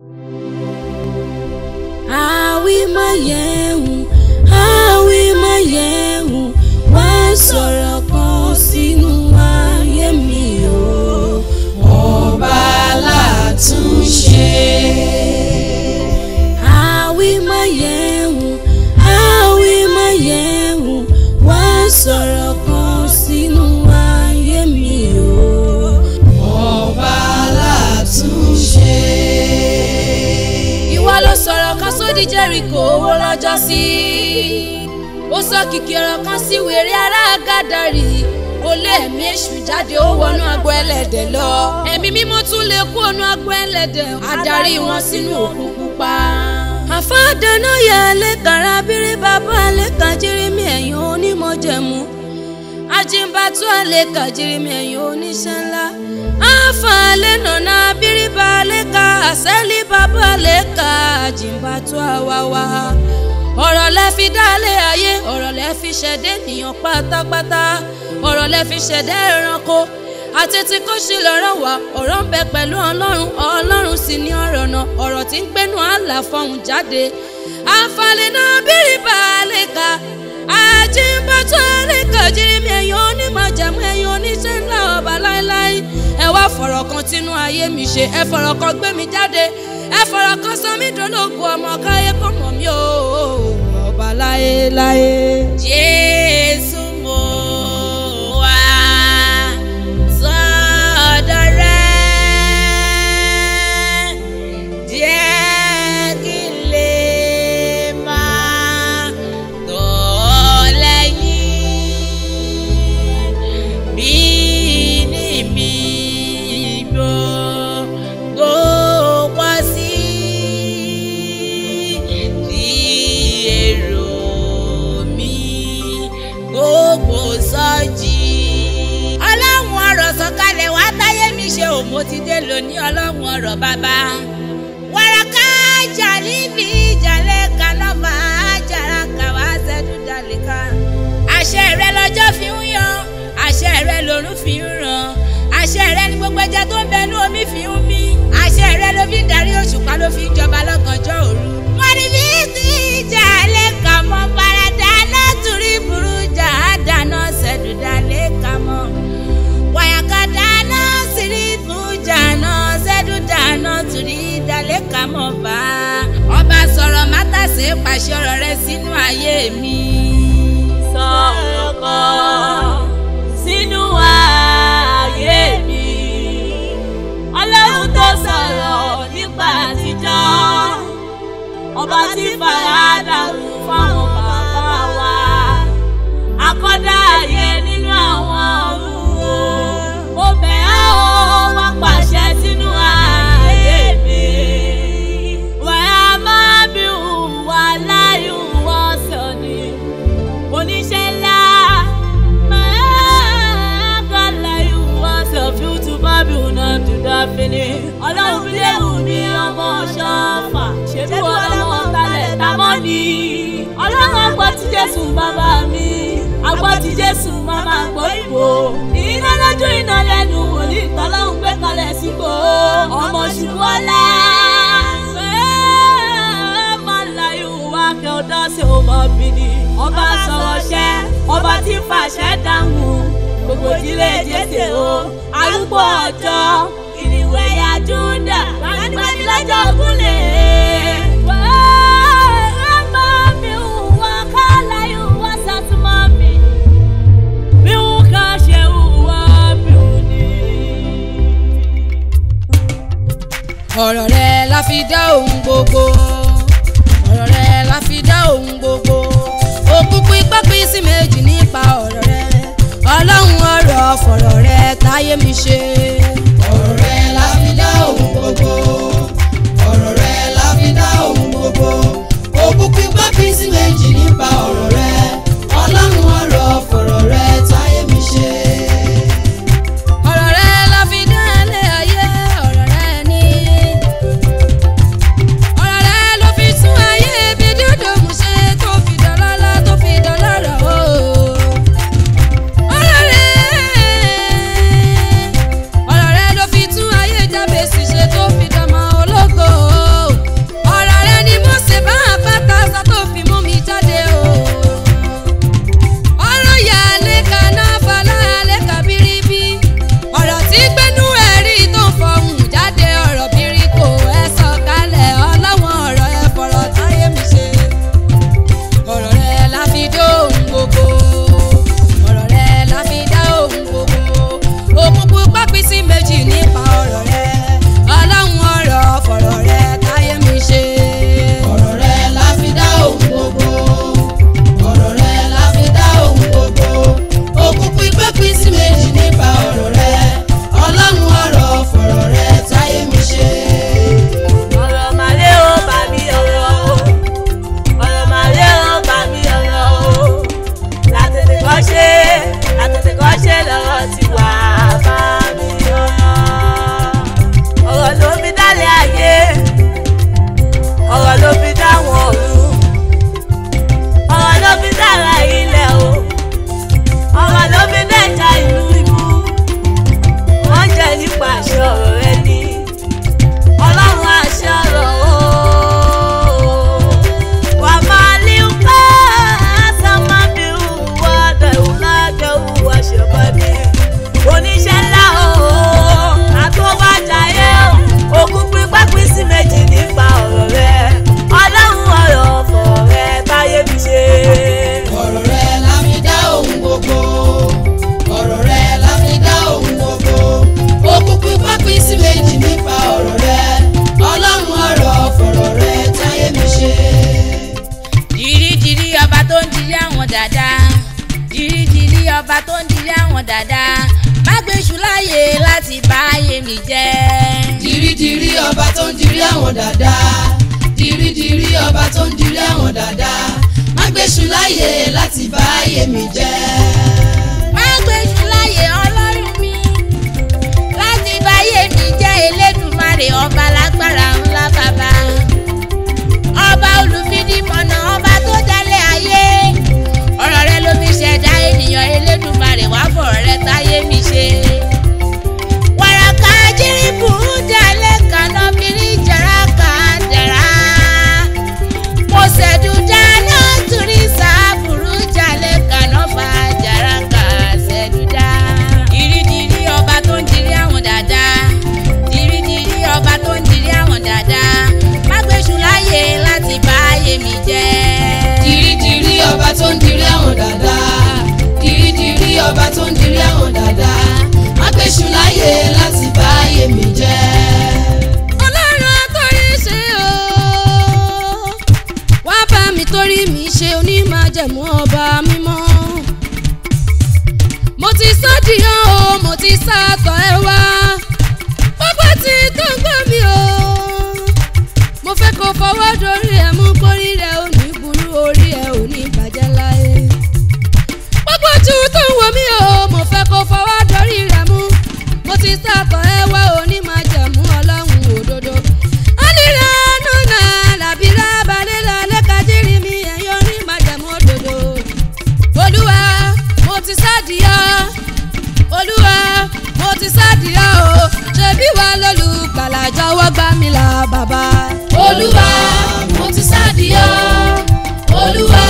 my ah, maye. Jẹ́ríkò owó lọ́jọ́ sí ó sọ kìkì ọ̀rọ̀ kan sí wèrè ará Gádárì ó lé ẹ̀mí èṣù jáde ó wọnú agbo ẹlẹ́dẹ̀ lọ ẹ̀mí mímọ́ tún lè kú ọ̀nà agbo ẹlẹ́dẹ̀ adarí wọn sínú òkun pupa. àfáàdáná yẹ lẹ́kàrà abírí bàbá lẹ́kàjẹ́rẹ́mí ẹ̀yàn onímọ̀jẹ̀mú ajimbatu aleka jirimẹyin oníṣẹ́ ńlá afan alena na biriba aleka asẹli baba aleka ajimbatu awawa ọ̀rọ̀ lẹ fi dálé ayé ọ̀rọ̀ lẹ fi ṣẹ̀dá ènìyàn pátápátá ọ̀rọ̀ lẹ fi ṣẹ̀dá ẹranko àti tí kò sí lọ́rọ̀ wá ọ̀rọ̀ ń bẹ pẹ̀lú ọlọ́run ọlọ́run sì ni ọ̀rọ̀ náà ọ̀rọ̀ tí ń gbénu àlàfọ̀hún jáde àfàlẹ́ náà bírí bàálẹ̀ àjìnbọ̀tò ẹlẹ́kọ̀ọ́jì mi ẹ̀yin onímọ̀jẹ̀mú ẹ̀yin oníṣẹ́ ńlá ọba láéláé ẹ wá fọ̀rọ̀ kan tínú ayé mi ṣe ẹ fọ̀rọ̀ kan gbé mi jáde ẹ fọ̀rọ̀ kan sọ mí dológun ọmọ káyé kó mọ̀ mí o ọba láéláé. jésù. mo ti dé lónìí ọlọ́run ọ̀rọ̀ bàbá. wàràkà jàlíbi ìjàlẹ̀ kanọ́mà àjàrà kàwá ṣẹ́dúdàlẹ́ka. àṣẹ rẹ lọ́jọ́ fi ń yan àṣẹ rẹ lòrùn fi ń ràn àṣẹ rẹ ni gbogbo ẹja tó ń bẹnu omi fi ń mí àṣẹ rẹ ló fi ń darí òṣùpá ló fi ń jọba lọ́gànjọ́ òru. mọ̀rìbí ti ìjàlẹ̀ kàn mọ́ farada látùrí burújà àdáná ṣẹ́dúdàlẹ́ka mọ́ wàyàká àtúrí dalẹ̀ ká mọ̀ bá ọba sọ̀rọ̀ mátàsé pàṣẹ ọ̀rọ̀ rẹ sínú ayé mi. sọ̀rọ̀ kan sínú ayé mi ọlọ́run tó sọ̀rọ̀ nípa àtijọ́ ọba tí fàyà dàrú fáwọn. ọwọ́ ti Jésù máa máa gbọ́ ìbò. iná lójú iná lẹ́nu wòlíì tọ́lọ́hún gbé kalẹ̀ síbò. ọmọ ṣùgbọ́lá kẹ́ ọ dá sí ọmọ bìnní. ọba sọ̀rọ̀ ṣẹ́ ọba tí fàṣẹ dáhùn gbogbo ìdílé Jésù o arúgbó ọjọ́. ọ̀rọ̀ rẹ la fi dá ohun gbogbo ọ̀rọ̀ rẹ la fi dá ohun gbogbo òkú pípẹ́ pín sí méjì nípa ọ̀rọ̀ rẹ ọlọ́run ọ̀rọ̀ fọ̀rọ̀ rẹ táyé mi ṣe. ọba tó ń dirí àwọn dàda dirídirí ọba tó ń dirí àwọn dàda má gbéṣu láyè láti bá ayé mi jẹ́. má gbéṣu láyè ọlọ́run mi láti bá ayé mi jẹ́ Elédùmarè ọba lágbára sàkọ ẹ wá òní máa jẹ̀mú ọlọ́run òdodo. alira nuna làbílà balẹ̀là lẹ́kàjírí mi ẹ̀yọ́ òní máa jẹ̀mú òdodo. olúwa mo ti sádìyà olúwa mo ti sádìyà o ṣebí wa lọ́lùgbàlà jọ̀wọ́ gbà mí là bàbá. olúwa mo ti sádìyà olúwa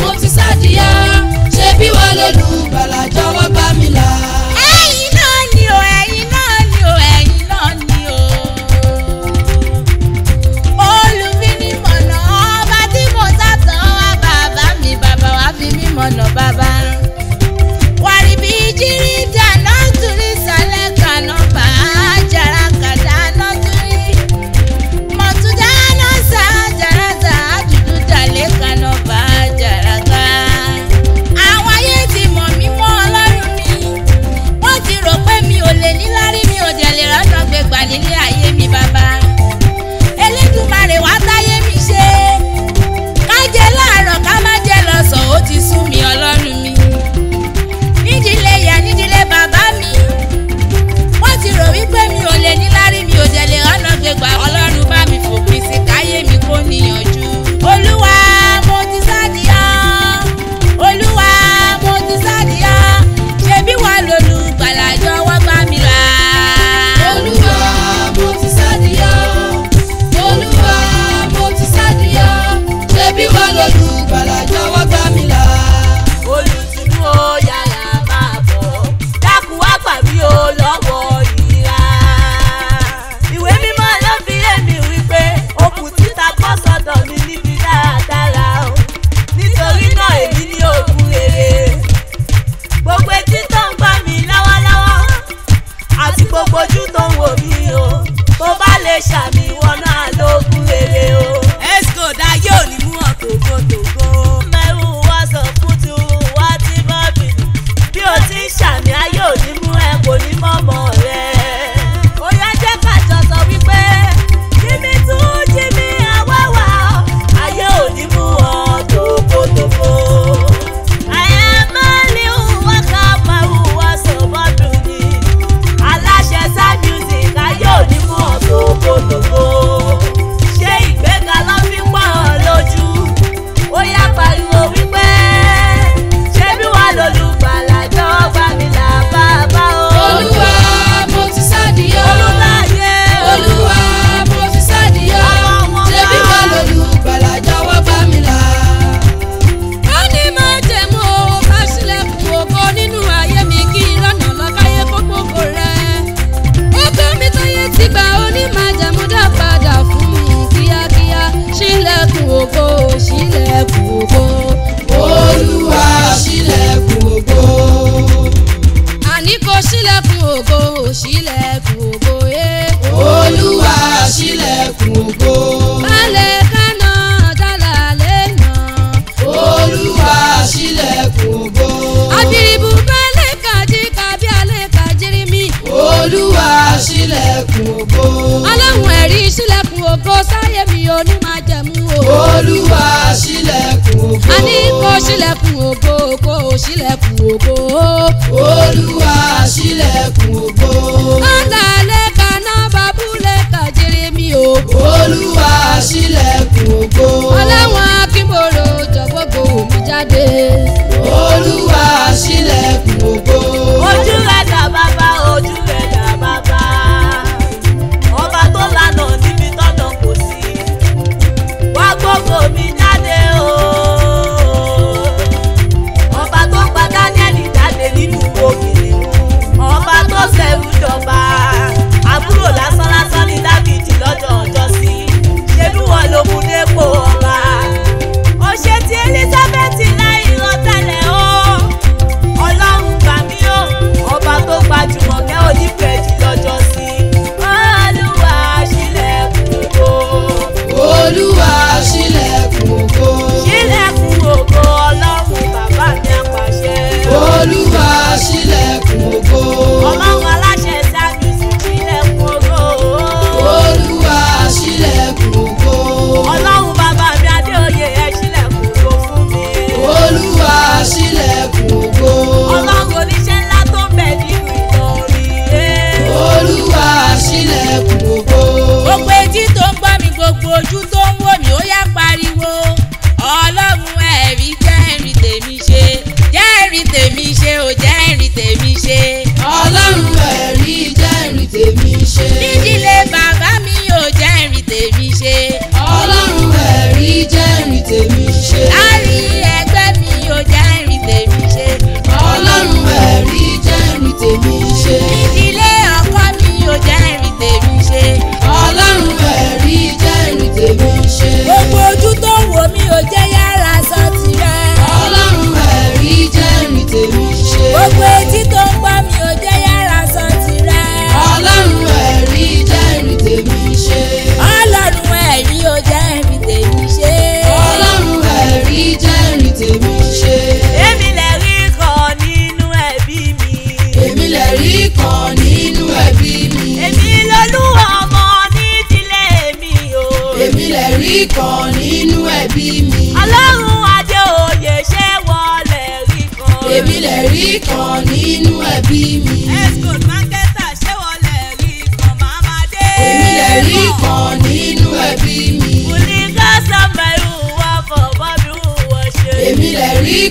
mo ti sádìyà ṣebí wa lọ́lùgbàlà. sílẹ̀kùn ògo. olúwa.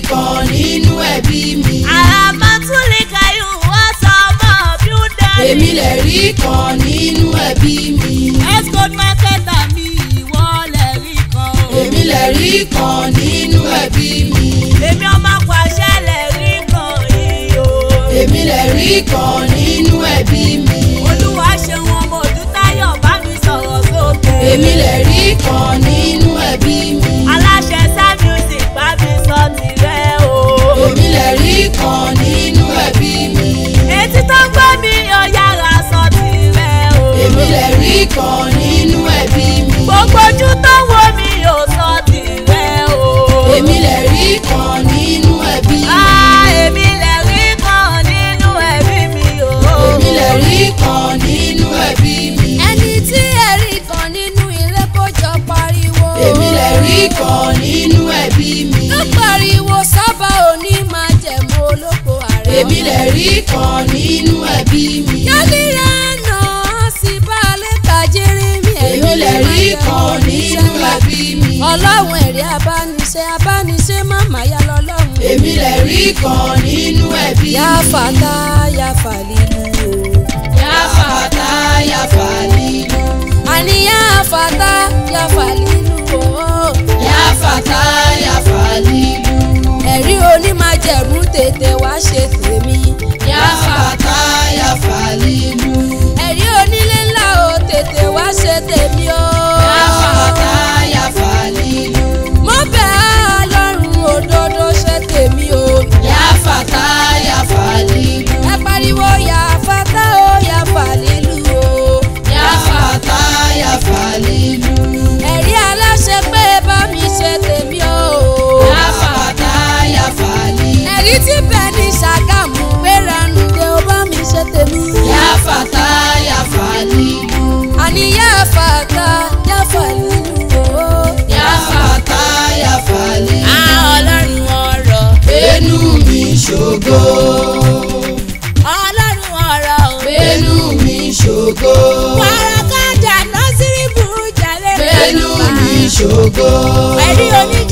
kan nínú ẹbí mi. àràmọ́ tún lè kàyù wọ́n sọ ọmọ bíúdà rẹ̀. èmi lè rí kan nínú ẹbí mi. escort marketer mi ìwọ lè rí kan o. èmi lè rí kan nínú ẹbí mi. èmi ọmọ pàṣẹ lè rí kan yìí o. èmi lè rí kan nínú ẹbí mi. olúwa ṣeun ọmọ òdútayọ̀ bá mi sọ̀rọ̀ sókè. èmi lè rí kan kan nínú ẹbí mi. gbogbo ojú tó wo mi ò sọ tìrẹ o. èmi lè rí kan nínú ẹbí mi. èmi lè rí kan nínú ẹbí mi o. èmi lè rí kan nínú ẹbí mi. ẹni tí ẹ rí kan nínú ilé kó jọ pariwo. èmi lè rí kan nínú ẹbí mi. tó pariwo sábà òní máa jẹ̀mú olóko ààrẹ. èmi lè rí kan nínú ẹbí mi. yálé ìkànnì lábí mi. ọlọ́run ẹ̀rí abániṣe abániṣe màmá ya lọ́lọ́run. èmi lè rí kan nínú ẹbí mi. yáfàtà yáfàlílù o. yáfàtà yáfàlílù. àní yáfàtà yáfàlílù o. yáfàtà yáfàlílù. ẹ̀rí onímàjẹ̀mú tètè wá ṣe ògo. ẹ̀rí oní